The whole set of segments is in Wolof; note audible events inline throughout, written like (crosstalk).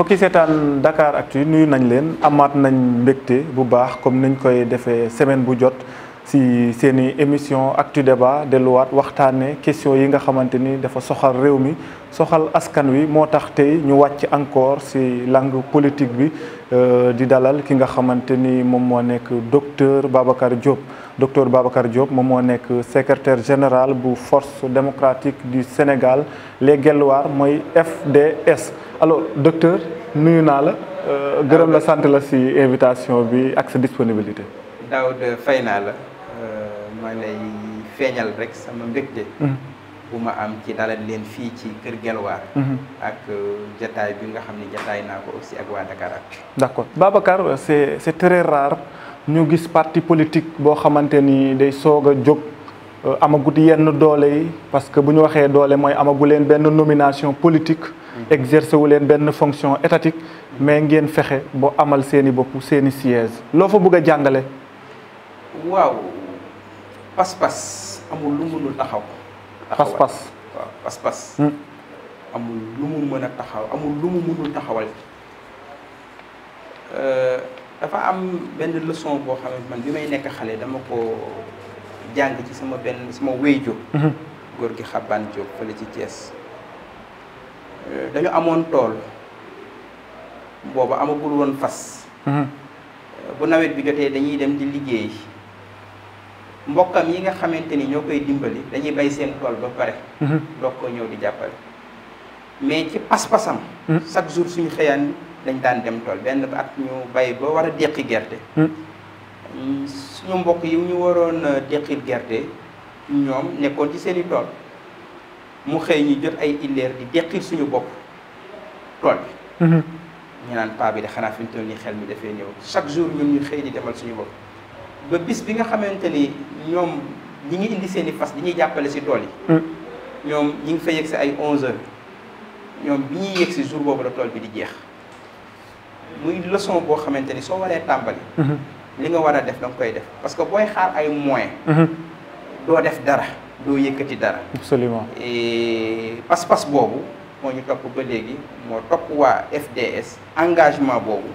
mbokki seetaan Dakar Actu nuyu comme semaine bu jot si émission Débat question yi nga dafa soxal soxal askan wi encore langue politique bi euh, dalal ki nga docteur Babacar Diop. docteur Babacar Diop secrétaire général bu force démocratique du Sénégal les FDS alors docteur nuyu naa la euh, gërëm la sant la si invitation bi ak sa disponibilité. Daoud fay naa la euh, ma lay feeñal rek sama mbégte. Mhm. bu ma am ci dalal leen fii ci kër Guelwaar. Mhm. ak euh, jataay bi nga xam ne jataay ko aussi ak waa Dakar ak. d'accord Babacar c'est c'est très rare ñu gis parti politique boo xamante ni day soog a jóg amagut yenn doole parce que bu ñu waxee doole mooy amagu leen benn nomination politique exercer wu leen fonction étatique mais ngeen faire, bo amal seen i bopp seen i siège loo fa bëgg a waaw pas-pas amul lu mënul taxaw. pas-pas waaw pas-pas. Hmm. amul lu mu mëna taxaw amul lu mu mënul taxawal. Euh, dafa am ben leçon bo xam man bi may nekk xale dama ko jàng ci sama ben sama wéy jóg. Hmm. góor gi xabaan jóg fele ci Thiès. dañu amoon tool boobu amagul woon fas mhm. bu nawet bi jotee dañuy dem di liggéey mbokkam yi nga xamante ni ñoo koy dimbali dañuy bay seen tool ba pare mhm. doog ko ñëw di jàppale mais ci pas-pasam mhm. chaque suñu xëyaan dañ daan dem tool benn at ñu bay ba war a déqi gerte mm, suñu mbokk yi ñu waroon euh, déqil gerte ñoom nekkoon ci seeni tool mu xëy ñu jot ay illeer di deqi suñu bopp tool bi ñu naan paa bi de xanaa fi mu toll nii xel mi dafee ñëw chaque jour ñun ñu xëy di demal suñu bopp ba bis bi nga xamante ni ñoom ñi ngi indi seen i fas di ñuy jàppale si tool yi ñoom ñi ngi fa yegg si ay 11 heures ñoom bi ñuy yegg si jour boobu la tool bi di jeex muy leçon boo xamante ni soo waree tàmbali li nga war a def da nga koy def parce que booy xaar ay moyens doo def dara doo yëkkati dara. absolument et pas-pas boobu moo ñu topp ba léegi moo topp waa FDS engagement boobu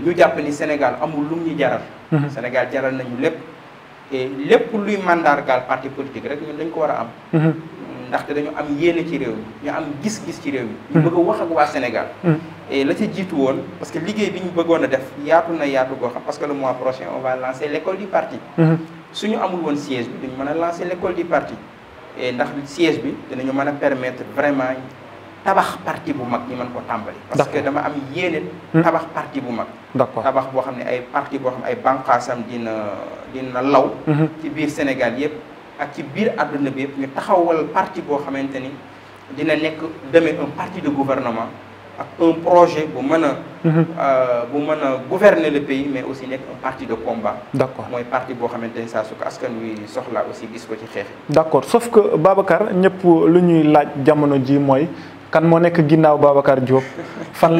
ñu jàpp ni Sénégal amul lum ñu jaral. Mhm. Sénégal jaral nañu lépp. et lépp luy mandargaal parti politique rek ñun dañ ko war a am. Mhm. ndaxte dañu am yéene ci réew mi ñu am gis-gis ci réew mi. Mhm. ñu bëgg a wax ak waa Sénégal. et la ci jiitu woon parce que liggéey bi ñu bëggoon a def yaatu na yaatu goo xam parce que le mois prochain on va lancer l'école du parti suñu amul woon siège bi dañu mën lancer l'école du parti et ndax siège bi dinañu mën a permettre vraiment tabax parti bu mag ñu mën ko tàmbali. parce que dama am yéene. Hmm. tabax parti bu mag. d'accord tabax boo xam ne ay parti boo xam ne ay bànqaasam dina dina law. Hmm. ci biir Sénégal yëpp ak ci biir àdduna bi yëpp ñu taxawal parti boo xamante ni dina nekk demee un parti de gouvernement un projet pour mhm. euh, gouverner le pays mais aussi un parti de combat. D'accord. je parti pour aussi sauf que Babacar nous avons laaj jamono ji quand kan nous dit Babacar Diop (laughs) fan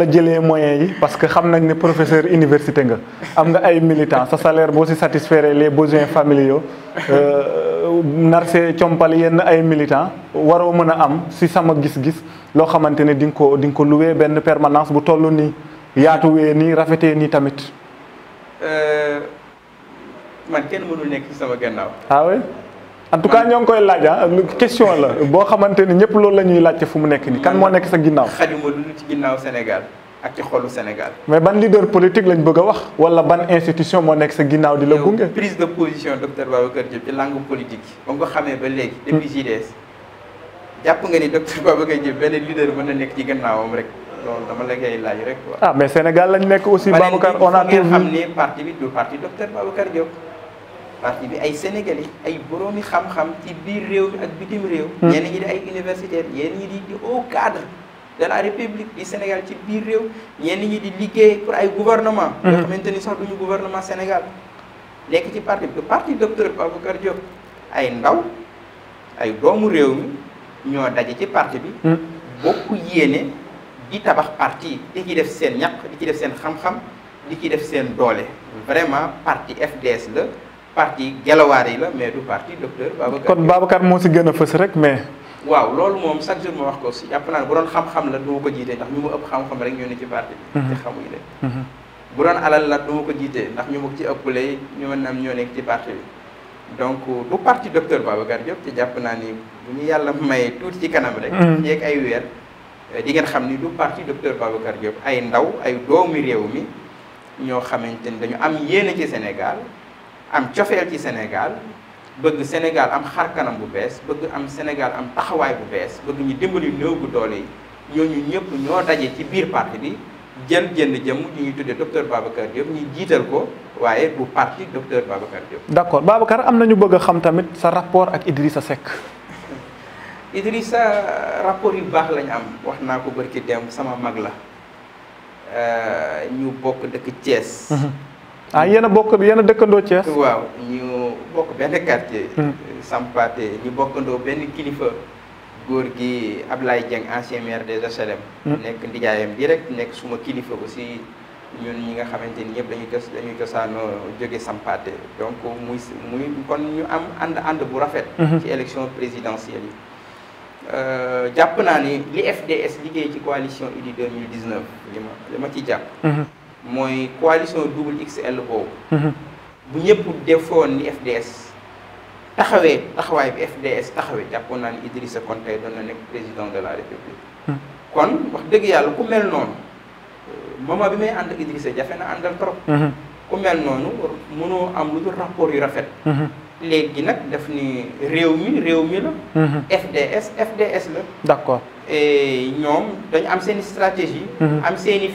parce que nous professeur université nga am nga militants sa salaire nous satisfaire les besoins familiaux. Euh, narse compal yenn ay militant waro mën am si sama gis-gis lo xamantene ding ko ding ko louer ben permanence bu ni yaatu yaatuwee ni rafetee ni tamit. Euh, man kenn mënu nekk si sama gannaaw. ah oui en tout cas ñong koy laaj ah, question la bo xamantene ñepp loolu lañuy ñuy fu mu nekk ni kan mo nekk sa xadi mo lu ci ginnaw Sénégal ak ci xolu Sénégal. mais ban leader politique lañ bëgg wax wala ban institution mo nek sa ginnaw di la gungé prise de position docteur Babacar Diop ci langue politique ba nga xamé ba légui depuis hmm. JDS japp nga ni docteur Babacar Diop benn leader mën na nekk ci gannaawam rek lool dama la gay laaj rek. ah mais Sénégal lañ nek aussi. Babacar on a ngeen xam ne parti bi du parti docteur Babacar Diop. parti bi ay sénégalais ay boroomi xam-xam ci biir réew ak bitim réew. Hmm. ñen ñi di ay universitaire ñenn ñi di au cadre. de la république du Sénégal ci biir réew ñen ñi di liggéey pour ay gouvernement yoo hmm. xamante ni sax duñu gouvernement Sénégal nekk ci parti du parti docteur Babacar Diop ay ndaw ay doomu réew mi ñoo daje ci parti bi hmm. bokk yéné di tabax parti di ci def sen ñak di ci def sen xam-xam di ci def sen doole vraiment parti FDS le parti gelawaare yi la mais du parti docteur Babacar kon Babacar mo si gëna a rek mais waaw loolu moom chaque jour ma wax ko si jàpp naa ne bu doon xam-xam la du ma ko jiitee ndax ñu ma ëpp xam-xam rek ñoo ne ci parti bi mhm. te xamuñu leen mhm. bu doon alal la du ma ko jiitee ndax ñu ma ci ëppale ñu mën am ñoo nekk ci parti donc du parti docteur Babacar Diop te jàpp naa ni bu ñu yàlla may tuuti ci kanam rek yeeg mhm. ay weer di ngeen xam ni du parti docteur Babacar Diop ay ndaw ay doomi réew mi ñoo xamante ni dañu am yéene ci Sénégal am cofeel ci Sénégal bëgg Sénégal am xar kanam bu bes bëgg am Sénégal am taxaway bu bees bëgg ñu dimbali neew bu doole ñoo ñu ñëpp ñoo dajé ci biir parti bi jël jënd jëm ñu ngi tuddé docteur Babacar Diop ñu jital ko waaye bu parti docteur Babacar Diop. d'accord Babacar am na ñu bëgg xam tamit sa rapport ak Idrissa Seck. Idrissa rapport yu bax lañ am waxna ko barki dem sama magla, euh ñu bok dëkk Thiès. Mhm. ah yéen a bokk yéen a dëkkandoo Thiès. waaw ñu bokk benn quartier. Hmm. sampate ñu bokkandoo benn kilifa góor gi Ablaye Dieng ancien maire des HLM. nekk ndijaayam direct nekk suma kilifa aussi ñun ñi nga xamante ni ñëpp dañuy tos dañuy cosaanoo jóge Sampaate donc muy muy kon ñu am ànd ànd bu rafet. Hmm. ci élection présidentielle yi. Euh, jàpp naa ni li FDS liggéey ci coalition Idy 2019 li ma li ma ci jàpp. Hmm. moy coalition double XL boobu. Mhm. bu ñëpp defoon ni FDS taxawé taxaway bi FDS taxawé jàppoon naa Idrissa Konté do na nekk président de la République. Mhm. kon wax dëgg yalla ku mel non euh, mama bi may ànd Idrissa jafé na andal trop. Mhm. ku mel non mëno am lu rapport yu rafet. légui nak daf ni réew mi réew mi la. FDS FDS la. d'accord et ñom dañ am seen stratégie. am seen i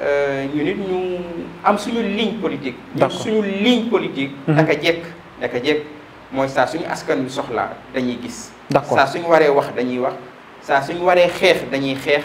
Euh, ñu nit ñu am suñu ligne politique. d'accord suñu ligne politique. Mhm. naka jekk naka jekk mooy saa suñu askan bi soxlaa dañuy gis. d'accord saa suñu waree wax dañuy wax saa suñu waree xeex dañuy xeex.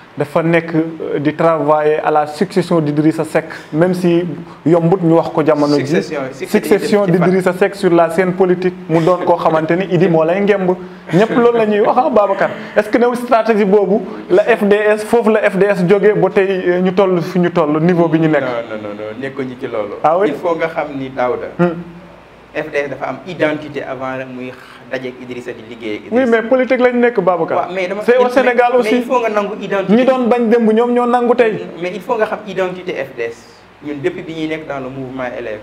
de euh, travailler à la succession d'Idrissa Seck même si yombut ñu wax succession d'Idrissa sur la scène politique mu ah, est-ce que une stratégie la FDS la FDS il faut que niveau de nek non non non ah il faut ni hmm. FDS a identité avant dajeeg Idrissa di liggéey. oui mais politique lañ nekk Babacar. waaw mais dama au Sénégal aussi il faut nga nangu identité. ñi doon bañ démb ñoom ñoo nangu tey. mais il faut nga xam identité FDS depuis bi ñuy dans le mouvement élève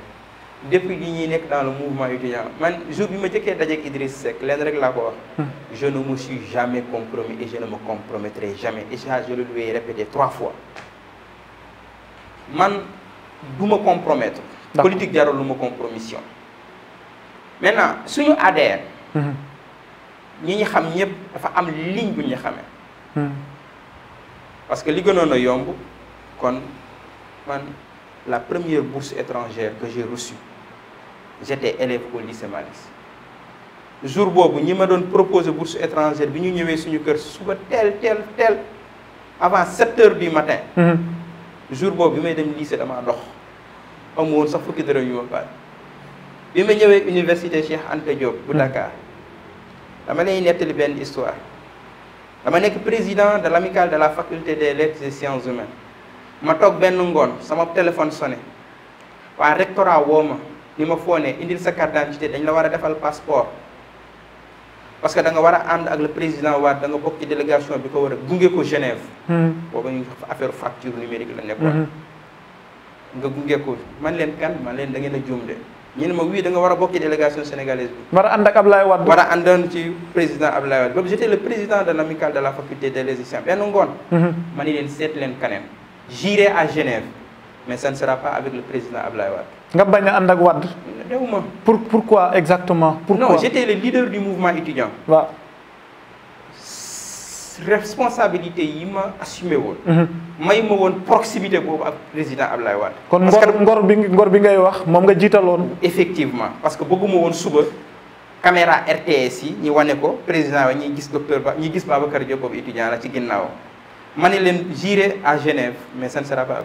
depuis bi ñuy dans le mouvement étudiant man jour bi ma que dajeeg Idriss Seck leen rek laa ko wax. Hmm. je ne me suis jamais compromis et je ne me compromettrai jamais et ça je le lui ai répété trois fois man du ma compromettre politique jarul lu ma compromission maintenant suñu adhère. Mm-hmm. ñi ñi xam ñëpp dafa am ligne bu mm-hmm. parce que li yomb la première bourse étrangère que j'ai reçue j'étais élève au lycée le jour où ñi ma doon proposé bourse étrangère bi ñu ñëwee suñu kër suba tel tel tel avant 7 heures du matin. Mm-hmm. jour boobu bi may dem lycée suis dox amu woon sax fukki de bima ñëwé université Cheikh Anta Diop bu Dakar dama lay nettali ben histoire dama nek président de l'amicale de la faculté des lettres et sciences humaines ma tok ben ngone sama téléphone sonné wa rectorat woma ma ni ma foonee indil sa carte d'identité dañ la wara défal passeport parce que da nga wara and ak le président wa da nga bokki délégation bi ko war a ko Genève hmm bo ñu affaire facture numérique la nekkone hmm. nga gungé ko man len kan man len da ngeen la juum de ñu ne ma wii da nga war a délégation sénégalaise bi. war a ànd ak Ablaye Wade. war a àndoon ci président Ablaye Wade boobu j'étais le président de l'amicale de la faculté des logiciens benn ngoon. Mhm. ma ni leen seet leen kaneen. j'irai à Genève mais ça ne sera pas avec le président Ablaye Wade. nga bañ a ànd ak Wade. dewuma pour pourquoi exactement. pourquoi non j'étais le leader du mouvement étudiant. waaw responsabilité yi ma assumé mhm. may proximité avec ak président Ablaye wad bi ngor bi ngay wax nga effectivement parce que beaucoup won suba caméra RTS yi ko président gis docteur Ba gis Babacar Diop étudiant ci ginnaw mané à Genève mais ça ne sera pas.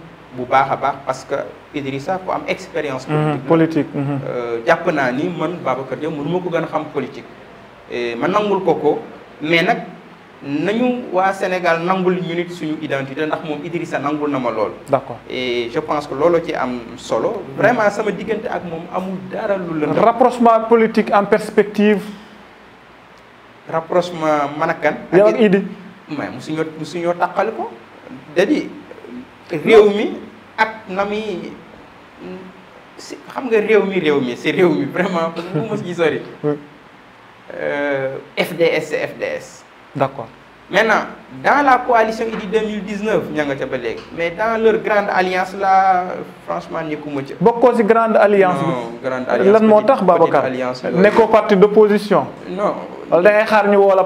bu baax baax parce que Idrissa ku am expérience. Mhm, politique mhm. euh, jàpp naa ni man Babacar Diop mënu ma ko gën xam politique. ma nangul ko ko mais nag nañu waa Sénégal nangul ñu nit suñu identité ndax moom Idrissa nangul na ma lool. d'accord et je pense que loolu ci am solo. Mhm. vraiment sama diggante ak moom amul dara lu la. rapprochement politique en perspective. rapprochement man ak kan. yow ak Idi. mais musuñoo musuñoo taqali ko. c'est-à-dire Réumi, c'est nami, xam nga c'est Réumi, vraiment parce que bu euh, FDS c'est FDS d'accord maintenant dans la coalition Idy 2019 ca mais dans leur grande alliance là franchement de grandes bokko Non, grande alliance Non, grande alliance lan motax tax Babacar nekkoo parti d'opposition non wala da ngay xaar ñu woo la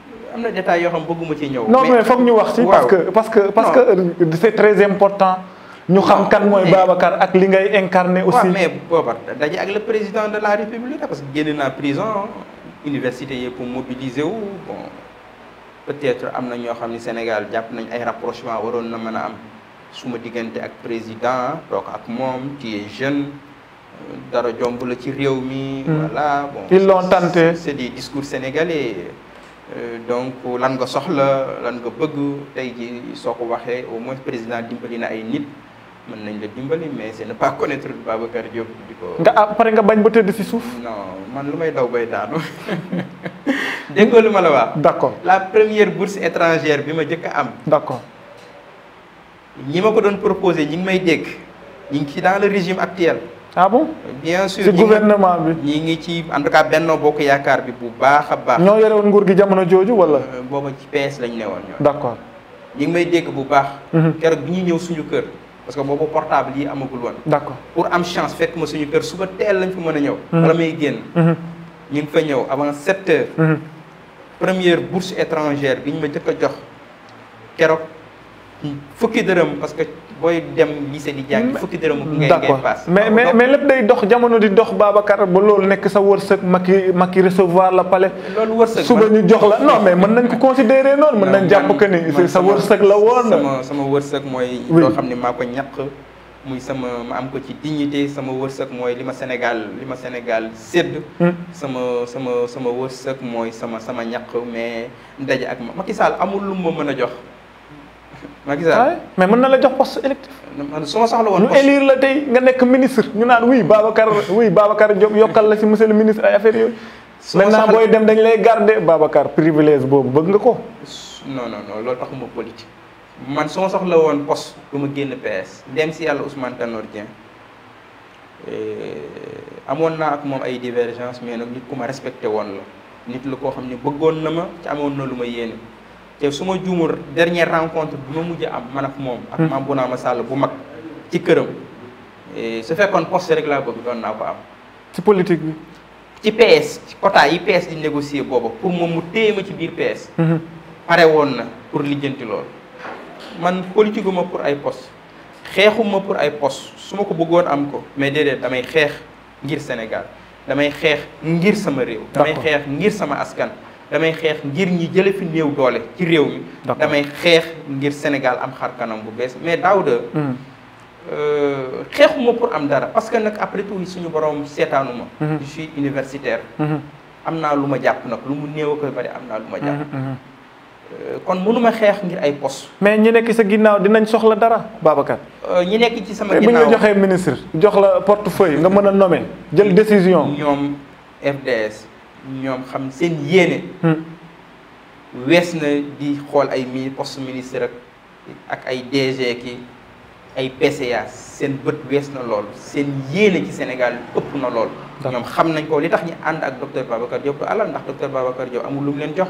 détails bëgguma ci ñëw. non mais faut ñu wax si parce que parce que parce que c'est très important. Nous xam kan mooy Babacar ak li ngay incarné aussi. Oui, mais booba daje ak le président de la république parce que génn en prison université pour mobiliser ou bon peut-être am na ñoo xam Sénégal y nañ ay rapprochement waroon na mën a am suma diggante ak président donc ak moom qui est jeune euh, dara jomb ci mi. Hmm. voilà bon ils l'ont tenté c'est des discours sénégalais. Euh, donc lan nga soxla lan nga bëgg tay ji soko ko au moins président dimbali na ay nit man nañ la dimbali mais c'est ne pas connaître Babacar Diop diko nga ah pare nga bañ ba teud ci souf non man lumay daw bay daanu (laughs) dégg lu la wax. d'accord la première bourse étrangère bima ma am. d'accord ñi ma ko doon proposé ñi ngi may dégg ñi ngi ci dans le régime actuel ah bon bien sûr Le gouvernement bi Ni ngi ci en tout cas Benno Bokk yakar bi bu baakha baax. ñoo yore woon nguur gi jamono joju wala. Euh, booba ci PS lañ ne woon. d' accord ngi may dégg bu baax. Mhm. keroog bi ñi ñew suñu kër. parce que boobu portable yi amagul won. D'accord. pour am chance fekk ma suñu kër suba teel lañ fa mëna ñew wala mhm. may génn. Mhm. ñu ngi fa ñew avant sept heures. première bourse étrangère bi ñu ma jëkk jox Kérok fukki dërëm parce que. boy dem gisee di jang fukki ko ngay ngay pass mais mais mais lepp day dox jamono di dox babakar ba loolu nek sa wërsëg maki maki recevoir la palais loolu wërsëg suba ñu jox la (laughs) non mais meun nañ ko considérer non meun nañ japp que ni sa wërsëg la won sama sama wërsëg moy lo xamni ne ñak muy sama ma am ko ci dignité sama wërsëg moy lima Sénégal lima Sénégal sedd hmm. sama sama sama wërsëg moy sama sama ñak mais ndaj ak ma amul lu ma meuna jox Macky Sall ah, mais mën na la jox post électif. su ma soxla woon ñu élire la tey nga nekk ministre ñu naan oui Babacar oui Babacar Diop yokkal la si monsieur le ministre ay affaires yooyu. maintenant booy dem dañ lay garder Babacar privilège boobu bëgg nga ko. non non non loolu taxuma politique. man su ma soxla woon post du ma génn PS dem si yàlla Ousmane Tanor Dieng eh, amoon naa ak moom ay divergence mais nag nit ku ma respecté woon la nit lu koo xam ne bëggoon na ma ci amoon na lu ma yéene. té suma jumur, dernier rencontre bu ma mujjé am man ak moom ak hmm. mam bu ma sall bu mag ci euh su fekkone poste rek la bëgg don na ko am ci politique bi ci PS ci quota yi PS di négocier bobu pour moom mu bir ci bir PS hmm. paré won na pour lijjanti lool man politique ma pour ay poste xeexuma pour ay poste suma ko bëggone am ko mais dédé damay xéx ngir Sénégal damay xéx ngir sama réew damay xéx ngir sama askan damay xeex ngir ñi jële fi néew doole ci réew mi damay xeex ngir Sénégal am xar kanam bu bees mais Daouda hmm. euh, xeexuma pour am dara parce que nag après tout suñu borom seetaanuma hmm. je suis universitaire hmm. am naa lu ma jàpp nag lu mu néew a koy bari am naa lu ma jàpp euh, kon mënuma xeex ngir ay post mais ñu nekk sa ginnaaw dinañ soxla dara Babacar euh, ñi nekk ci sama ginnaaw bu ñu joxee ministre jox la portefeuille nga mën a nome jël décision ñoom FDS ñom xam seen yéene. Hmm. wess na di xol ay mini poste ministre ak ak ay DG ki ay PCA seen beut wess na lool seen yéene ci Sénégal ëpp na lool. ñom xam nañ ko li tax ñi and ak docteur Babacar Diop du alal ndax docteur Babacar Diop amul lu mu leen jox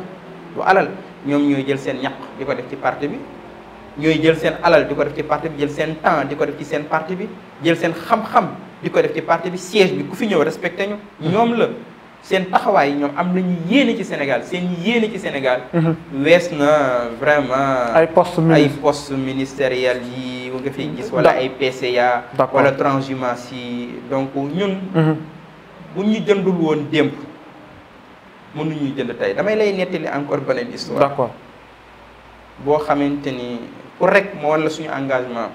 du alal ñoom ñooy jël seen ñaq diko def ci parti bi. ñoy jël seen alal diko def ci parti bi jël seen temps diko def ci seen parti bi jël seen xam-xam diko def ci parti bi siège bi ku fi ñew respecté ñu. Hmm. ñom la sen taxaway ñom am nañu yéene ci Sénégal seen yéene ci Sénégal. Mhm. wess na vraiment. ay poste ay postes ministériels yi nga fi gis. wala ay PCA. wala transhumance donc ñun. Mhm. bu ñu jëndul woon démb ñu jënd tey damay lay nettali encore benen histoire. d'accord boo xamante ni pour rek moo wala suñu engagement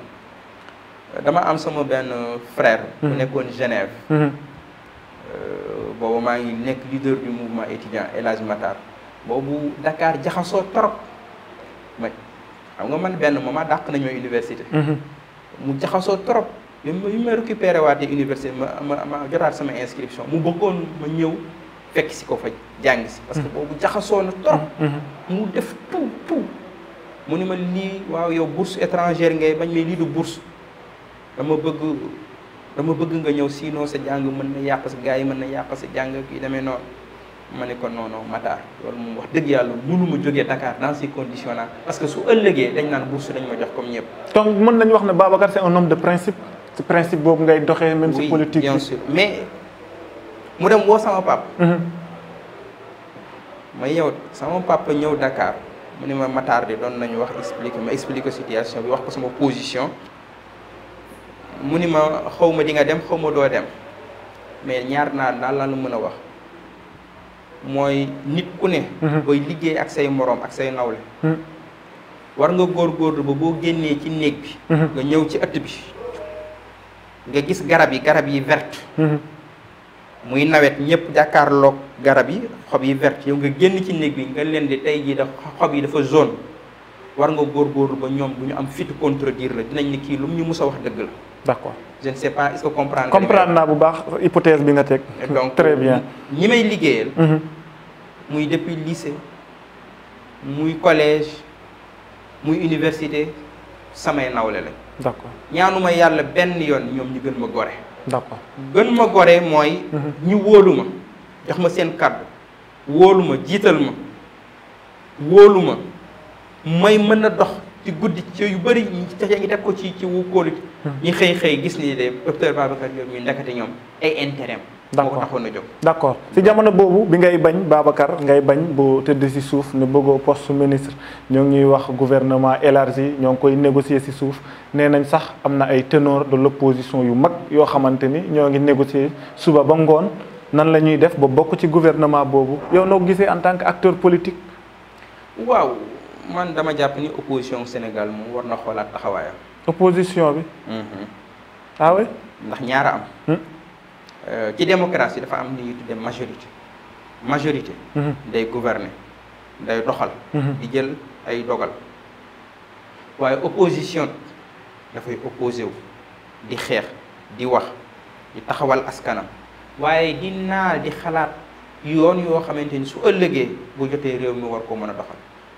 dama am sama benn frère. bu mhm. nekkoon Genève. Euh, bobu maa ngi nekk leader du mouvement étudiant El Matar boobu Dakar jaxasoo trop ma xam nga man benn moment dàq nañu université. Mhm. mu jaxasoo trop bi ma bi ma récupéré waatee université ma ma ma jotaat sama inscription mu bëggoon ma ñëw fekk si ko fa jàng si. parce que mhm. boobu jaxasoo na trop. Mhm. mu def tout tout mu ni ma lii waaw yow bourse étrangère ngay bañ mais lii du bourse dama bëgg. dama bëgg nga ñëw sinon sa jàng mën na yàq sa gars yi mën na yàq sa jàng kii demee noonu ma ne ko non non loolu moom wax dëgg yàlla mënu ma jóge Dakar dans ces conditions là parce que su ëllëgee dañ naan bourse dañ ma jox comme ñëpp. donc mën nañu wax ne Babacar c'est un homme de principe ci principe boobu ngay doxee. même si politique mais mu dem woo sama pap mm-hmm. ma yow sama papa ñëw Dakar mu ne ma Matar de doon nañu wax expliquer ma expliquer situation bi wax ko sama position. mu ni ma xaw ma di nga dem xawma doo dem mais ñaar naa daal laa la mën a wax mooy nit ku ne. Mhm. booy liggéey ak say moroom ak say nawle. Mhm. war nga góorgóorlu ba boo génnee ci néeg bi. Mhm. nga ñëw ci ëtt bi. nga gis garab yi garab yi verte. muy nawet ñëpp jàkkaarloog garab yi xob yi vert yow nga génn ci néeg bi nga leen di tey jii da xob yi dafa zone war nga góorgóorlu ba ñoom du ñu am fitu contredire la dinañ ne kii lu ñu mus a wax dëgg la. d' je ne sais pas est ce que comprendre. comprendre naa bu baax hypothèse bi nga teg. donc (laughs) très bien ñi may liggéeyal. Mhm. muy depuis lycée muy collège muy université samay nawle la. D'accord. accord ñaanuma yàlla benn yoon ñoom ñu gën ma gore. d' accord gën ma gore mooy. Mhm. ñu wóolu ma jox ma seen kàddu wóolu ma jiital ma wóolu ma may mën dox. ci guddi ci yu bëri ñi ci ngi ko ci ci wu kóolut hmm. xëy xëy gis ni de docteur Babacar Diop mi ndakate ñoom ay intérêt d' accord taxoon na jóg d' accord si jamono boobu bi ngay bañ Babacar ngay bañ bu tëdd si suuf ne bëggoo poste ministre ñoo ngi ñuy wax gouvernement élargi ñoo ngi koy négocier si suuf nee nañ sax am na ay ténor de l' opposition yu mag yoo xamante ni ñoo ngi négocier suba ba ngoon nan la ñuy def ba bokk ci gouvernement boobu yow noo gisee en tant que acteur politique waaw man dama jàpp ni opposition Sénégal moom war na xoolaat taxawaayam. opposition bi. Mhm. ah ndax ñaara am. Hmm? Euh, ci démocratie dafa am li ñuy tuddee majorité. majorité. Mhm. day gouverner day doxal. Mhm. di jël ay dogal. waaye opposition dafay opposé wu di xeex di wax di taxawal askanam. waaye di naa di xalaat yoon yoo xamante ni su ëllëgee bu jotee réew mi war ko mën a doxal.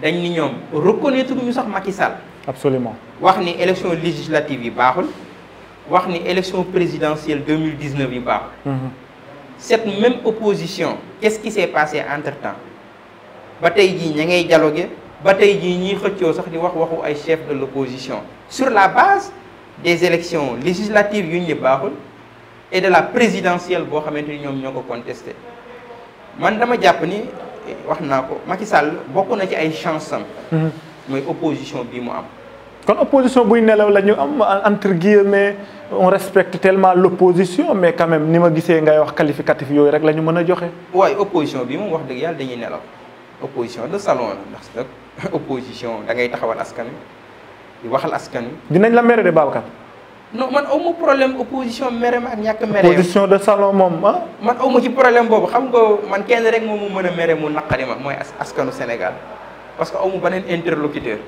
dañ ni ñom reconnaître ñu sax Macky Sall. absolument wax ni élection législative yi baaxul élection présidentielle 2019 mhm. cette même opposition qu'est-ce qui s'est passé entre-temps ba tay ji ñay ba tay ji chef de l'opposition sur la base des élections législatives yu et de la présidentielle bo man wax ko Macky Sall bokk na ci ay chance am. Mhm. mooy opposition bi mu am. kon opposition bu nelaw la ñu am entre guillemets on respecte tellement l'opposition mais quand même ni ma gisee ngay wax qualificatif yoy rek lañu mëna joxé way opposition bi mu wax dëgg yalla dañuy nelaw opposition de salon la ndax (laughs) opposition da ngay taxawal askan di waxal askan wi. dinañ la mere de Babacar non man aw problème opposition mere ma ak ñàkk mere opposition de salon moom ah. man aw ci problème boobu xam nga man kenn rek moom mu mën a mere mu naqari ma mooy askanu Sénégal parce que aw ma beneen interlocuteur.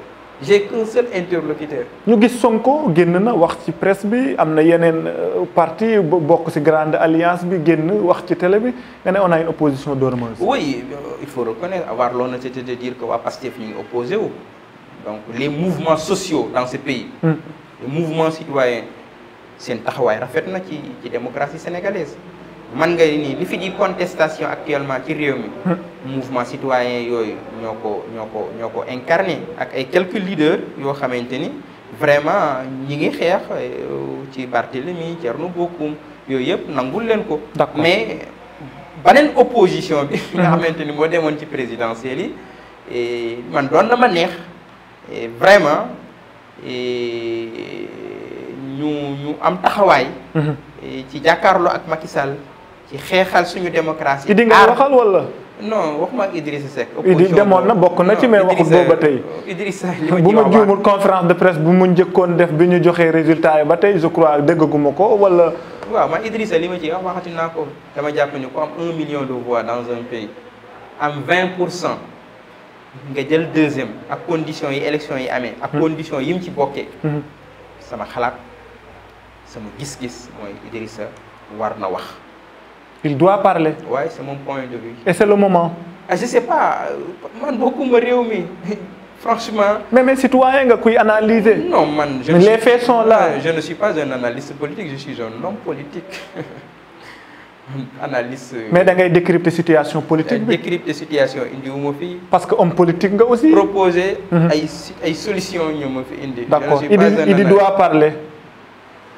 j'ai qu'un seul interlocuteur. ñu gis Sonko génn na wax ci presse bi am na yeneen euh, parti bokk ci grande alliance bi génn wax ci télé bi nga ne on a une opposition dormeuse. oui euh, il faut reconnaître avoir l'honnêteté de dire que waa Pastef ñu opposé donc les mouvements sociaux dans ce pays. Hmm mouvement citoyen seen taxaway rafet na ci ci démocratie sénégalaise man ngay ni li fi di contestation actuellement ci réew mi (laughs) mouvement citoyen yoy ñoko ñoko ñoko incarner incarné ak ay quelques leaders yo xamanteni vraiment ñi ngi xeex euh, ci mi Thierno beaucoup yoy yep nangul leen ko mais banen opposition bi (laughs) nga xamanteni mo démon ci présidentielle et man doon na ma neex vraiment ñu ñu am taxawaay. Mhm. ci jàkkaarloo ak Macky Sall ci xeexal suñu démocratie. Idi nga waxal wala. no waxuma ak Idrissa Seck. demoon na bokk na ci mais waxut booba tey. Idrissa bu ma juumul conférence de presse bu mu njëkkoon def bi ñu joxee résultat yi ba tey je crois déggaguma ko wala. waaw man Idrissa li ma ci wax waxati naa ko dama jàpp ni ko am un million de voix dans un pays am vingt pour cent. nga jël deuxième ak condition yi élection yi amé ak hmm. condition yi mu ci bokké hmm. sama xalaat sama gis-gis mooy Idrissa war na wax il doit parler Ouais, c'est mon point de vue et c'est le moment ah je sais pas man ma réew mi (laughs) franchement mais mais citoyen nga kuy analyser non man je les faits sont là je ne suis pas un analyste politique je suis un homme politique (laughs) Hmm. analyse. Euh, mais da ngay décrypter situation politique bi euh, décrypter situation indiwuma fi. parce que homme politique nga aussi. proposer. Hmm. ay ay solution ñu ma fi indi. d'accord il, il doit parler.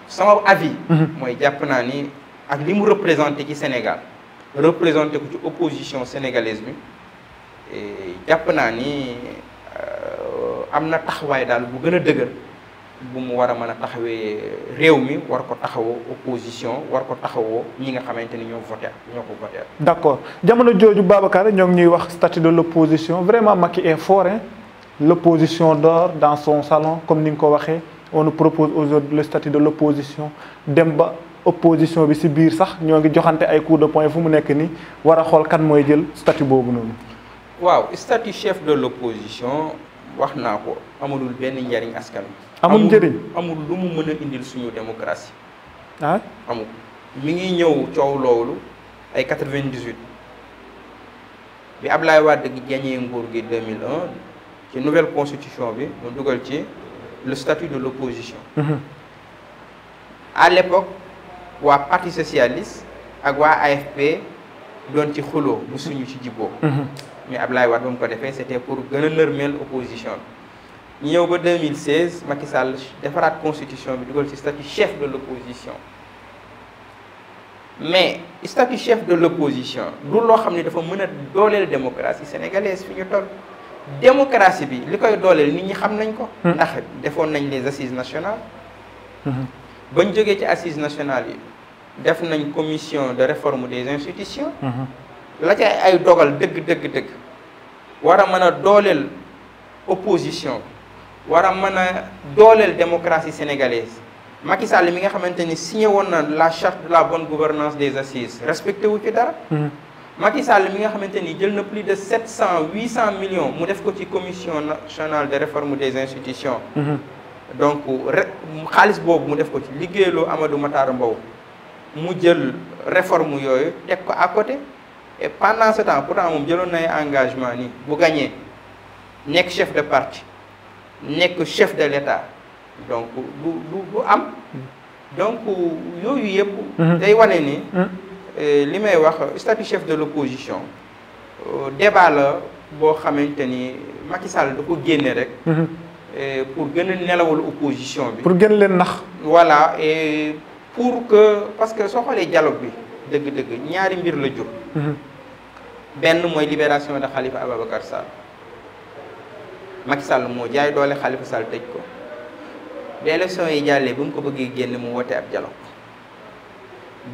Son avis. Hmm. moi jàpp naa ni ak li mu représenté ci Sénégal. représenter ko ci opposition sénégalaise bi jàpp naa ni euh, am na taxawaay daal bu gën a bu mu war a mën a taxawee réew mi war ko taxawoo opposition war ko taxawoo ñi nga xamante ni ñoo voté ñoo ko voté. d' accord jamono jooju Babacar ñoo ngi wax statut de l'opposition. opposition vraiment Macky est fort hein l' opposition dort dans son salon comme ni nga ko on nous propose aujourd'hui le statut de l'opposition. Demba, opposition bi si biir sax ñoo ngi joxante ay coup de poing fu mu nekk nii war a xool kan mooy jël statut boobu noonu. waaw statut chef de l'opposition, opposition wax naa ko amadul benn njariñ askan amul njëriñ amul lu mu indil suñu démocratie. ah amul mi ngi ñëw ciow loolu ay 98 bi Ablaye Wade gi gañee nguur gi 2001 ci nouvelle constitution bi mu duggal ci le statut de l'opposition mhm. à l'époque wa parti socialiste ak wa AFP doon ci xulo bu suñu ci mhm. mais Ablaye Wade ba ko défé c'était pour gëna leur mel opposition ñu ba 2016 Macky Sall la constitution bi dugal ci statut chef de l'opposition mais statut chef de l'opposition du loo xam ne dafa mën a dooleel démocratie sénégalaise fi ñu démocratie bi li koy dooleel nit ñi xam nañ ko hmm. ndax nañ les assises nationales hmm. bañ jógee ci assises nationales yi def nañ commission de réforme des institutions hmm. la ca ay dogal dëgg dëgg dëgg war a mën a dooleel opposition war a dolel démocratie sénégalaise Macky Sall mi nga xamanteni signé won na la charte de la bonne gouvernance des assises respecté wu ci dara. Mhm. Macky Sall mi nga xamanteni ni jël na plus de 700, 800 millions mu def ko ci commission nationale de réforme des institutions. Mhm. donc rek xaalis boobu mu def ko ci liggéeyloo Amadou Matar Mbow. mu jël réforme yooyu tek ko à côté et pendant ce temps pourtant moom jëloon ay engagement ni bu gagné nek chef de parti que chef de l'État donc du du du am donc yoyu yëpp mhm. day wane ni mhm. euh limay wax statut chef de l'opposition euh, débat la bo xamante Macky Sall da ko rek mhm. euh, pour gagner a opposition bi pour gagner le nax voilà et pour que parce que soo xoolee dialogue bi deug deug ñaari mbir la jur ben moy libération de Khalifa Ababakar Sall Macky Sall mo jaay doole Khalifa Sall tëj ko bi élection yi jàllee bu mu ko bëggee génn mu woote ab dialogue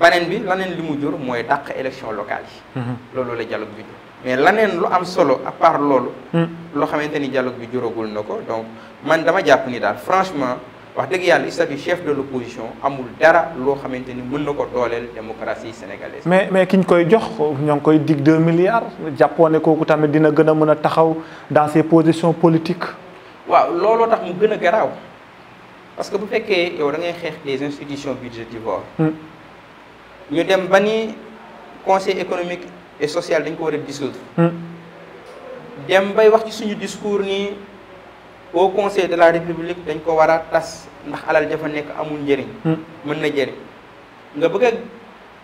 baneen bi laneen li mu jur mooy dàq élection locale yi mhm. loolu la dialogue bi jur mais laneen lu am solo à part loolu mhm. loo xamante ni dialogue bi juróogul na ko donc man dama jàpp ni daal franchement wax dëgg yàlla statut chef de l'opposition amul dara lo xamanteni ni mën na ko démocratie sénégalaise. mais mais kiñ koy jox ñong koy dig 2 milliards jàppoo koku tamit dina gëna mëna taxaw dans ses positions politiques. waaw lolo tax mu gëna graw parce que bu féké yow da ngay xeex des institutions budgétivores. Hmm. ñu dem bani conseil économique et social dañ ko war a dissoudre. Hmm. dem bay wax ci suñu discours ni. au conseil de la république dañ ko wara a tas ndax alal jafa nek amul njëriñ hmm. mën na jëriñ nga bëgg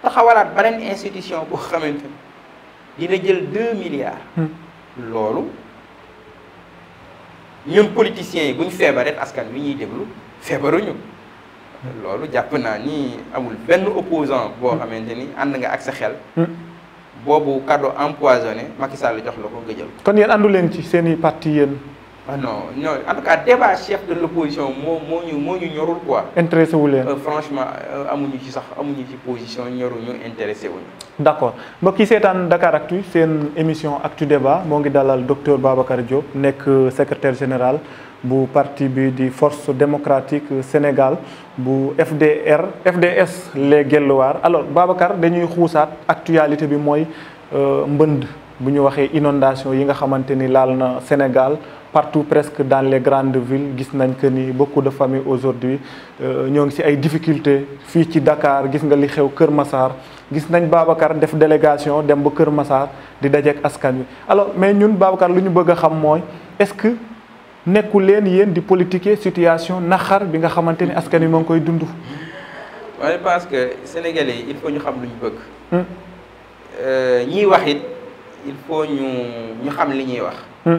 taxawalat balen institution bu xamanteni dina jël 2 milliards hmm. lolu ñun politiciens buñ fébaré askan mi ñi déglu feebaruñu lolu japp na ni amul benn opposant bo hmm. xamanteni and nga ak sa xel bobu cadeau empoisonné Macky Sall jox la nga jël kon yeen andu len ci seeni parti yeen ah non non en tout cas débat chef de l'opposition, opposition moo quoi. intéressé wu leen euh, franchement euh, amuñu ci sax amuñu ci position ñoruñu intéressé wuñu. D'accord, qui c'est en Dakar Actu une émission Actu Débat moo ngi dalal docteur Babacar Diop nekk secrétaire général du parti bi di force démocratique Sénégal du FDR FDS les Guelwaar alors Babacar dañuy xuusaat actualité bi euh, mbënd bu ñu inondation yi nga xamante ni laal na Sénégal partout presque dans les grandes villes gis nañ que ni beaucoup de familles aujourd'hui euh, ñoo ngi ci ay difficultés fi ci Dakar gis nga li xew Keur Massar gis nañ Babacar def délégation dem ba Keur Massar di dajeek askan wi alors mais ñun Babacar lu ñu bëgg xam moy est-ce que nekku leen yéen di politiquer situation naxar bi nga xamanteni askan wi mo ngi koy dund. parce que sénégalais il faut ñu xam lu ñu bëgg. Hmm. euh ñi waxit il faut ñu ñu xam li ñi wax. Hmm.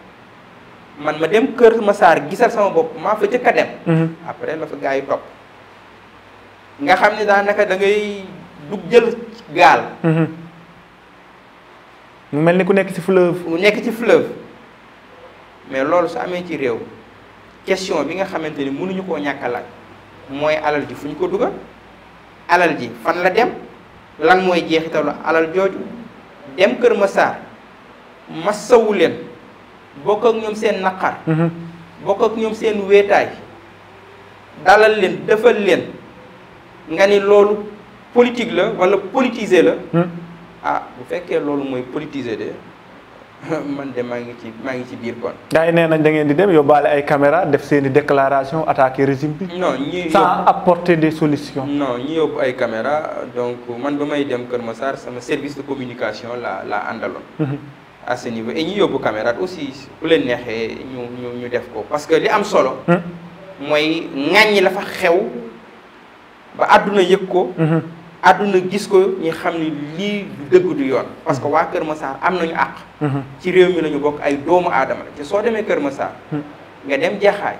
man ma dem Kër sar gisal sama bop ma fa kadem, a dem. Mhm. après la fa gaay yi nga xamni ne naka da ngay dug jël gaal. Mhm. mu mel ni ku nekk ci fleuve. ku nekk ci fleuve mais lolu su amé ci rew question bi nga xamanteni mënu ñu ko ñakala moy alal ji fuñ ko dugal alal ji fan la dem lan moy jeexitalu alal joju dem Kër ma massawu leen. bokk ak ñoom seen naqar mhm. bokk ak ñoom seen wéetaay dalal leen defal leen nga ni lolu politique la wala politisé la mhm. ah bu féké lolu moy politisé dé (laughs) man dé maa ngi ci maa ngi ci biir kon. day yi nañ da ngeen di dem yóbbaale ay caméra def seen déclaration attaquer régime bi. non ñi sans apporter des solutions. non ñi yóbbu ay caméra donc man bamay may dem Kër Massar sama service de communication la la -hmm à ce niveau et ñu yóbbu camarade aussi lu leen neexee ñu ñu ñu def ko parce que li am solo. Hmm. mooy ŋàññi la fa xew ba àdduna yëg aduna hmm. gis ko ñi xamni li lii du dëgg du yoon. parce que hmm. waa Kër Massar am nañu àq. ci réew mi la ñu ay doomu adam la so soo demee Kër Massar. nga dem Jaxaay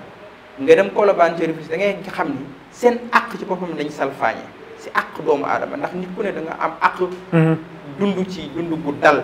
nga dem Colobane ci Rufisque da ngay xamni sen seen ci ci boppam sal salfaañe ci àq doomu adam ndax nit ku ne da nga am àq. dundu ci dundu bu dal.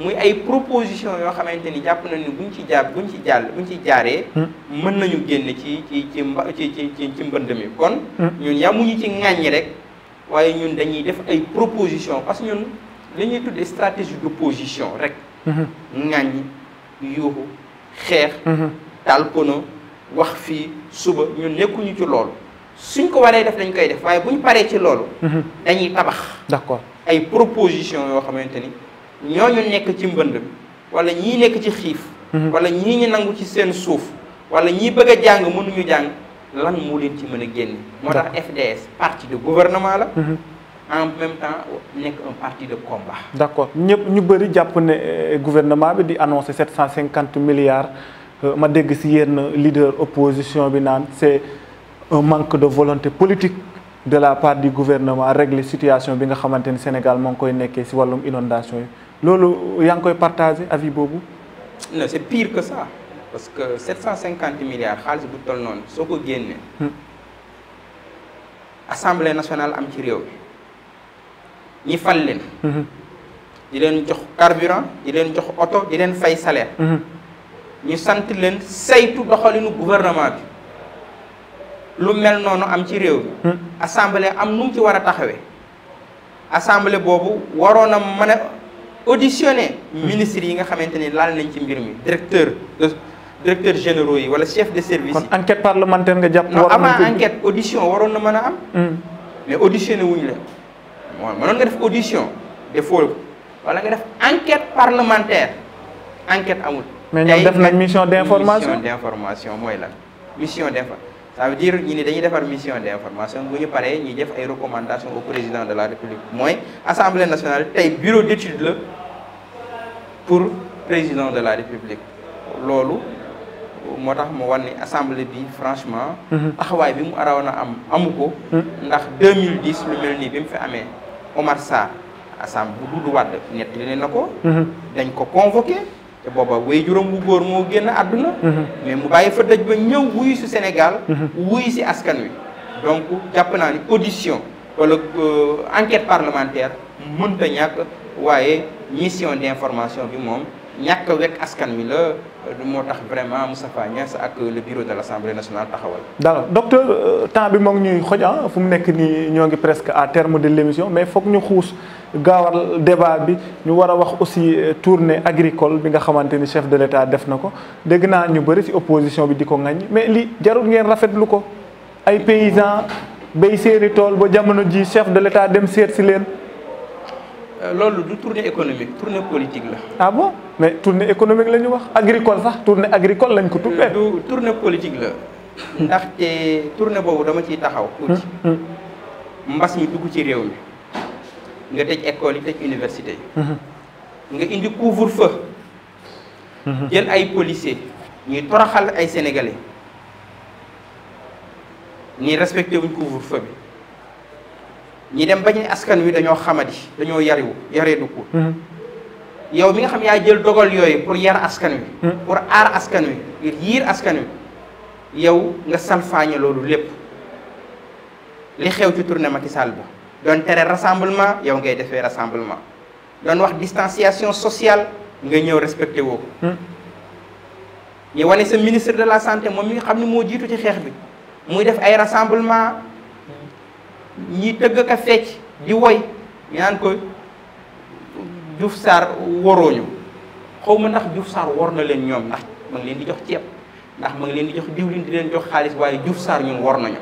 muy ay proposition yo xamanteni japp nañu buñ ci japp buñ ci jall buñ ci jaré hmm. mën nañu génn ci ci ci ci ci ci mi kon. Hmm. ñun yamuñu ci ngagne rek waye ñun dañuy def ay proposition parce ñun liñuy ñuy stratégie d'opposition rek. Hmm. ŋàññi yuuxu xeex. taal pono wax fi suba ñun nekkuñu ci lool suñ ko waree def dañ koy def waye buñ paré ci lool dañuy tabax. d'accord ay proposition yo xamanteni ñooñu nekk ci les wala ñii nekk ci les mhm. wala ñii ñu ci seen suuf wala ñii bëgg a jàng lan leen ci FDS parti de gouvernement mhm. en même temps nekk un parti de combat D'accord. accord ñu euh, gouvernement bi di annoncé 750 milliards euh, ma leader opposition bi un manque de volonté politique de la part du gouvernement régler situation bi nga xamante Sénégal koy loolu yaa ngi koy partagé avis boobu. non c'est pire que ça parce que 750 milliards xaalis bu toll noonu soo hmm. assemblée nationale am ci réew mi ñi fal leen. Hmm. di leen jox carburant di leen jox auto, di leen fay salaire. Hmm. ñu sant leen saytu doxalinu gouvernement bi. lu mel noonu am ci réew mi. assemblée am nu mu ci war a assemblée boobu waroon a mën auditionné ministres yi nga xamante ni laal ci directeur directeur généraux yi wala chef de service yi. enquête parlementaire nga jàpp. waroon avant enquête audition waroon na mën am. Hmm. mais auditionné wuñu la. waaw mënoon nga def audition défaut wala nga def enquête parlementaire enquête amul. mais ñoom def nañ mission d'information. mission d'information, moi là. mission d'information ça veut dire ñu ne dañuy une mission d'information information bu ñu une ñuy recommandation recommandations au président de la république Moi, assemblée nationale tey bureau d'études le pour président de la république Lolo, moo tax que wan assemblée bi franchement. Mhm. taxawaay bi mu on a am amu mhm. ndax 2010 le mel nii bi mu fi amee Omar Sa, assemblée bu Doudou Wade nettali na mhm. dañ ko convoqué. te booba way juróom bu góor moo génn àdduna mhm. mais mu bàyyi fa dëj ba ñëw wuyu si Sénégal mhm. wuyu si askan wi donc jàpp naa ni audition wala euh, enquête parlementaire mënta ñàkk waaye mission d'information bi moom ñàkk a askan mi le motax tax vraiment Moustapha Niasse ak le bureau de l'Assemblée nationale taxawal. d'accord docteur euh, temps bi moom ñuy xoj ah fu mu nekk nii presque à terme de l'émission, mais foog ñu xuus gawar débat bi ñu wara wax aussi euh, tournée agricole bi nga xamanteni chef de l'État def nako deug na ñu bari ci opposition bi diko ngagn mais li jarul ngeen rafetlu ko ay paysans bay seeni tol bo jamono ji chef de l'État dem seet si euh, lolu du tourner économique tourner politique la. ah bon mais tourner économique lañu wax agricole sax Tourner agricole lañ ko tuddee. du Tourner politique la. ndaxte tourner bobu dama ci taxaw. tuuti hmm, hmm. mbass mi dugg ci réew mi nga tëj école yi université yi. Hmm, nga indi couvre-feu. jël ay policiers ñuy toroxal ay sénégalais Ni respecté wuñ couvre-feu ñi dem bañ askan wi dañoo xamadi dañoo yariwu yaree dugg. Hmm. yow mi nga xam yaa jël dogal yooyu pour yar askan wi. Hmm. pour aar askan wi ngir yiir askan wi yow nga salfaañe loolu lépp li xew ci tournée Macky Sall ba doon tere rassemblement yow ngay defee rassemblement doon wax distanciation sociale nga ñëw respecté woo ko. ñu hmm. wane sa ministre de la santé moom mi nga xam ne moo jiitu ci xeex bi muy def ay rassemblement. ñi tëgg ka fecc di woy ñu naan ko Diouf saar warooñu xaw ma ndax Diouf Sarr war na leen ñoom ndax ma ngi leen di jox ceeb ndax ma ngi leen di jox diwlin di leen jox xaalis waaye Diouf saar ñun war nañu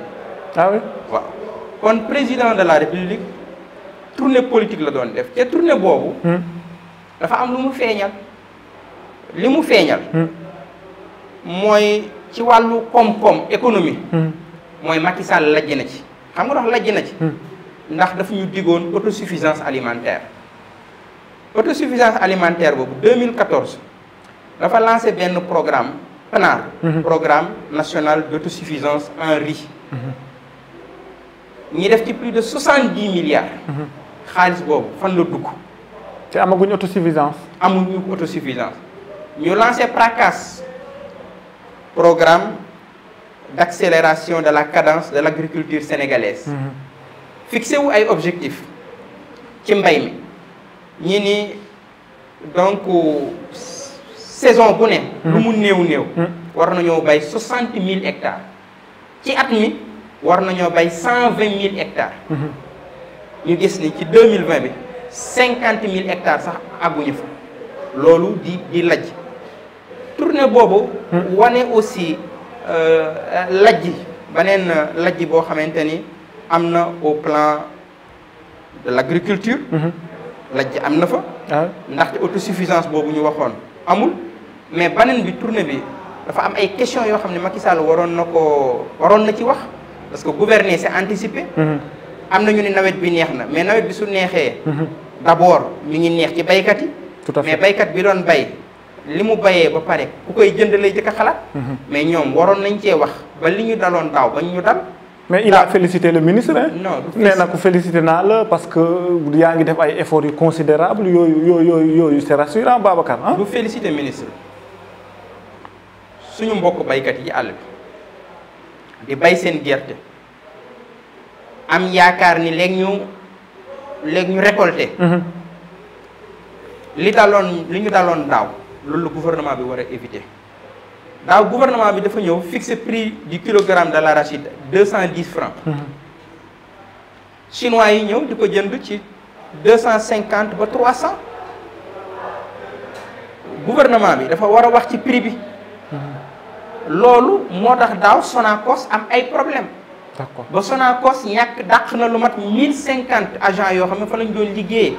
ah waaw kon président de la république tournée politique la doon def te turne boobu hmm. dafa am lu mu feeñal li mu feeñal hmm. mooy ci wàllu koom-koom économie hmm. mooy Macky Sall lajj na ci Nous nga dox ci hmm. ndax autosuffisance alimentaire autosuffisance alimentaire en 2014 dafa lancé benn programme PNAR hmm. programme national d'autosuffisance en riz Nous hmm. def ci plus de 70 milliards xaalis boobu fan la dugg te amaguñu autosuffisance amuñu autosuffisance ñu lancé PRACAS programme d'accélération de la cadence de l'agriculture sénégalaise. Mhm. Fixez-vous un objectif. Kimbaïmi. Yini, donc, saison où nous avons 60 000 hectares. Qui a 120 000 hectares. Nous avons que 2020, 50 000 hectares sont C'est ce qui dit. Bobo, on aussi euh, lajji beneen lajji boo xamante ni au plan de l'agriculture, agriculture. Mhm. lajji am na fa. Ah. autosuffisance bobu ñu waxone amul. mais beneen bi tourner bi dafa am ay questions yo xam ne Macky Sall waron na ko na ci wax parce que gouverner c'est anticiper. Mhm. am na ñu ni nawet bi neex na mais nawet bi su neexee. Mhm. d' abord ñu ngi neex ci baykat yi. mais baykat bi doon bay limu mu ba pare ku koy jënd lay jëkk a mhm. mais ñom waron nañ ci wax ba li ñu daloon ba ñu dal. mais il a ah. félicité le ministre hein. non nee félicité na le parce que yaa ngi def ay efforts yu considérables yo yo, yooyu c'est rassurant Babacar hein du félicité ministre suñu mbokk baykat yi all bi di bay seen guerte am yaakar ni léegi ñu léegi ñu récolté. Mhm. li daloon li ñu daloon c'est ce gouvernement doit éviter. Le gouvernement a fixé le prix du kilogramme de l'arachide, 210 francs. Les mhm. Chinois sont venus 250 à 300. Le gouvernement doit parler sur le prix. C'est ce qui fait que les a des problèmes. Si Sonakos a 1050 agents qui ont travaillé,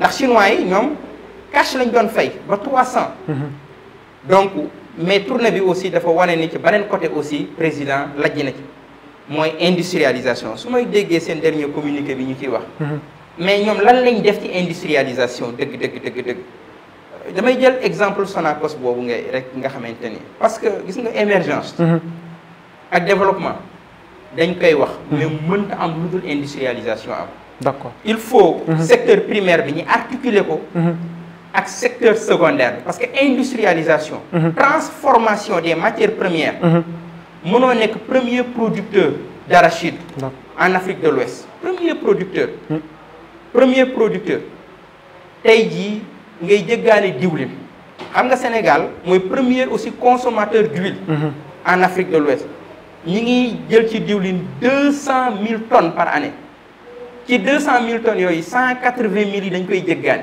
les Chinois, cash lañ doon fay ba 300. donc mais tournée bi aussi dafa wane ni ci beneen côté aussi président lajj na ci moy industrialisation su may déggee seen dernier communiqué bi ñu ci wax. Mhm. mais ñom lan lañ def ci industrialisation deug deug deug deug damay jël exemple Sonacos bobu ngay rek nga xamanteni parce que gis nga émergence. Mhm. ak développement dañ koy wax. Mhm. mais mënta am lu industrialisation am. d'accord il faut. secteur primaire bi ñi articuler ko ak secteur secondaire parce que industrialisation mhm. transformation des matières premières sommes mhm. les premier producteur d'arachide en Afrique de l'Ouest premier producteur mhm. premier producteur tey nous ngay jéggaane diwlin xam nga Sénégal sommes premier aussi consommateur d'huile en Afrique de l'Ouest Nous avons 200 000 tonnes par année Qui 200 000 tonnes 180 180 000 dañ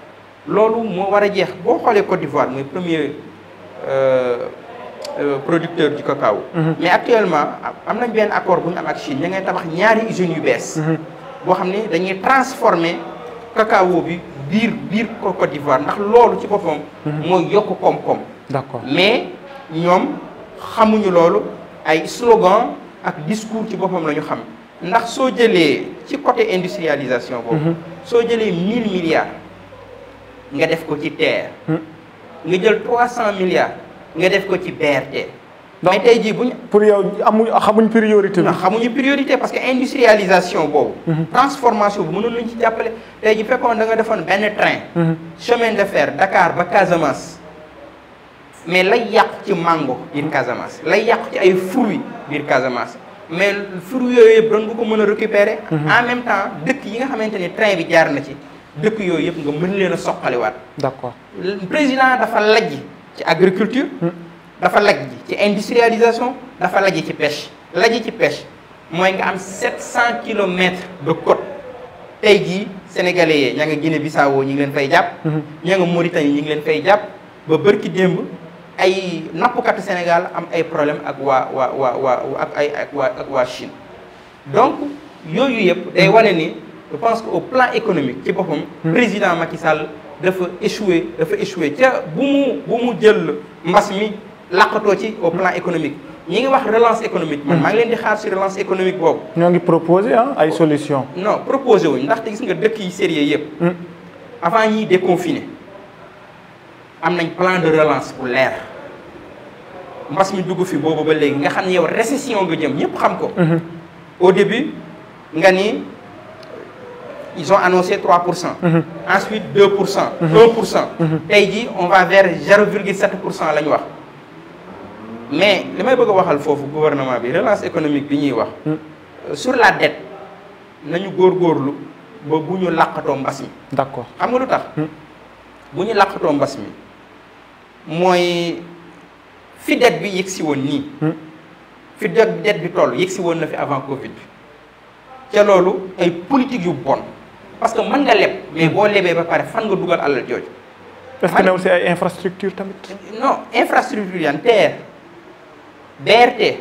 loolu moo war a jeex boo xoolee Côte d'Ivoire mooy premier euh, euh, producteur du cacao. Mm-hmm. mais actuellement am nañ benn accord bu ñu am ak Chine ña ngay tabax ñaari usines yu bees. Mm-hmm. boo xam dañuy transformer cacao bi biir biir Côte d'Ivoire ndax loolu ci boppam. Mm-hmm. mooy yokk koom pom d'accord mais ñoom xamuñu loolu ay slogan ak discours ci boppam la ñu xam ndax soo jëlee ci côté industrialisation boobu. soo jëlee mille milliards nga def ko ci terre. Hmm. nga jël 300 milliards nga def ko ci BRT. mais tey jii bu pour yow amuñ xamuñ priorité bi. xamuñu priorité parce que industrialisation boobu. Hmm. transformation bi mënoon nañu ci jàppale tey jii fekkoon da nga defoon benn train. Hmm. chemin de fer Dakar ba Casamance. mais lay yàq ci mango biir Casamance lay yàq ci ay fruits biir Casamance mais fruits yooyu yëpp doon bu ko mën a récupérer. en même temps dëkk yi nga xamante ni train bi jaar na ci dëkk yooyu nga mën leen a wat d'accord président dafa lajj ci agriculture. Hmm. dafa lajj ci industrialisation. dafa lajj ci pêche. lajj ci pêche moy nga am 700 km de côte tey jii sénégalais yee nga guiné Bissau ñi ngi leen fay jàpp. Hmm. ña nga Mauritanie ñi ngi leen fay japp ba barki demb ay nappkatu Sénégal am ay problème ak wa wa wa wa ak ay ak wa ak wa Chine donc yooyu yep day wane ni je pense qu'au plan économique ci boppam hmm. président Macky Sall dafa échoué dafa échoué ca bu mu bu mu jël mbas mi làqatoo ci au plan économique ñi ngi wax relance économique man hmm. maa ngi leen di xaar si relance économique boobu ñoo ngi proposé ah hein, ay solution non proposé wuñ ndaxte gis nga dëkk yi sérieux yëpp hmm. avant ñiy déconfiné am nañ plan de relance bu leer mbas mi dugg fi boobu ba léegi nga xam ne yow récession nga jëm ñëpp xam ko au début nga ni ils ont annoncé 3%. Mhm. Ensuite, 2%, et 1%. dit on va vers 0,7% Mais, ce que le gouvernement, la relance économique, mhm. euh, sur la dette, nous avons nous problème. D'accord. Mhm. que nous si dette avant Covid politique parce que man nga leb mais bo lebee ba pare fan nga dougal alal jojo est-ce que aussi une infrastructure non infrastructure terre, BRT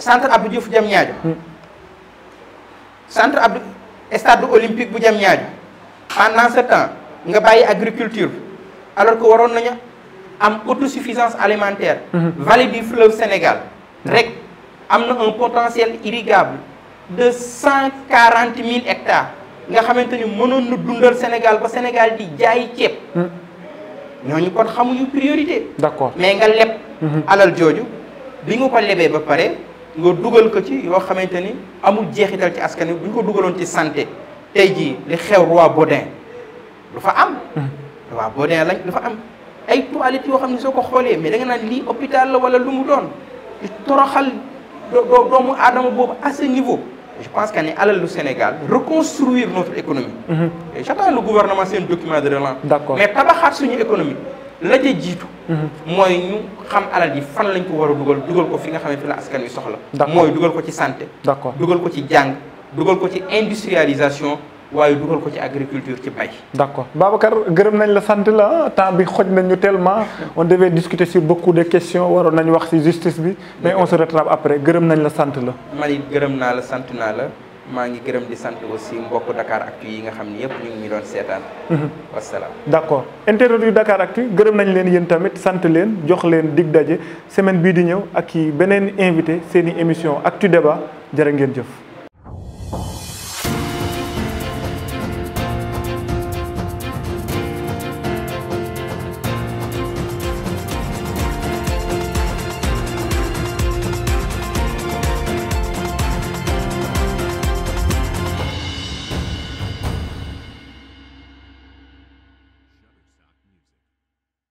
centre Abdou Diouf Diamniadio. Hmm. centre Abdou stade olympique bu Diamniadio pendant ce temps nga bàyyi agriculture alors que y nañu am autosuffisance alimentaire. Hmm. vallée du fleuve Sénégal hmm. rek amna un potentiel irrigable de 140 000 hectares. nga xamante ni mënoon na dundal Sénégal ba Sénégal di jaay ceeb. Hmm. ñooñu kon xamuñu priorité. d'accord mais nga leb. Hmm. alal jooju bi nga ko lebee ba pare nga dugal ko ci yoo xamante ni amul jeexital ci askan wi bu ñu ko dugaloon ci santé tey jii li xew roi Baudin du fa am. Hmm. roi Baudin lañ du fa am ay toilettes yoo xam ne soo ko xoolee mais danga naan lii hôpital la wala lu mu doon di toroxal doomu aadama boobu à niveau. je pense à alal au Sénégal, reconstruire notre économie. Mhm. J'attends le gouvernement, c'est un document de relance. D'accord. Mais suñu économie. La c'est dit mhm. ñu xam alal yi fan lañ ko wara la santé industrialisation waye dugal ko ci agriculture ci bay. d'accord Babacar geureum nañ la sante la temps bi xoj nañu tellement on devait discuter sur beaucoup de questions waro nañ wax ci justice bi mais on se rattrape après geureum nañ la sante la. man geureum na la sante na la maa ngi gërëm di sante aussi mbokk Dakar Actu yi nga xamni yépp ñu ngi ñu doon seetaan. Mhm. wasalaam. d'accord internautes du Dakar Actu geureum nañ leen yeen tamit sante leen jox leen dig dajé semaine bi di ñew ak i beneen invité seen émission Actu Débat jërë ngeen jëf.